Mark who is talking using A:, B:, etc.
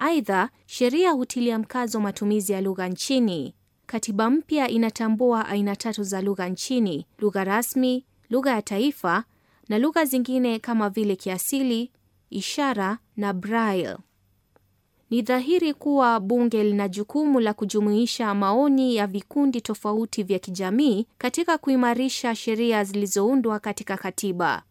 A: Aidha, sheria hutilia mkazo matumizi ya lugha nchini. Katiba mpya inatambua aina tatu za lugha nchini: lugha rasmi, lugha ya taifa na lugha zingine kama vile kiasili, ishara na Braille. Ni dhahiri kuwa bunge lina jukumu la kujumuisha maoni ya vikundi tofauti vya kijamii katika kuimarisha sheria zilizoundwa katika katiba.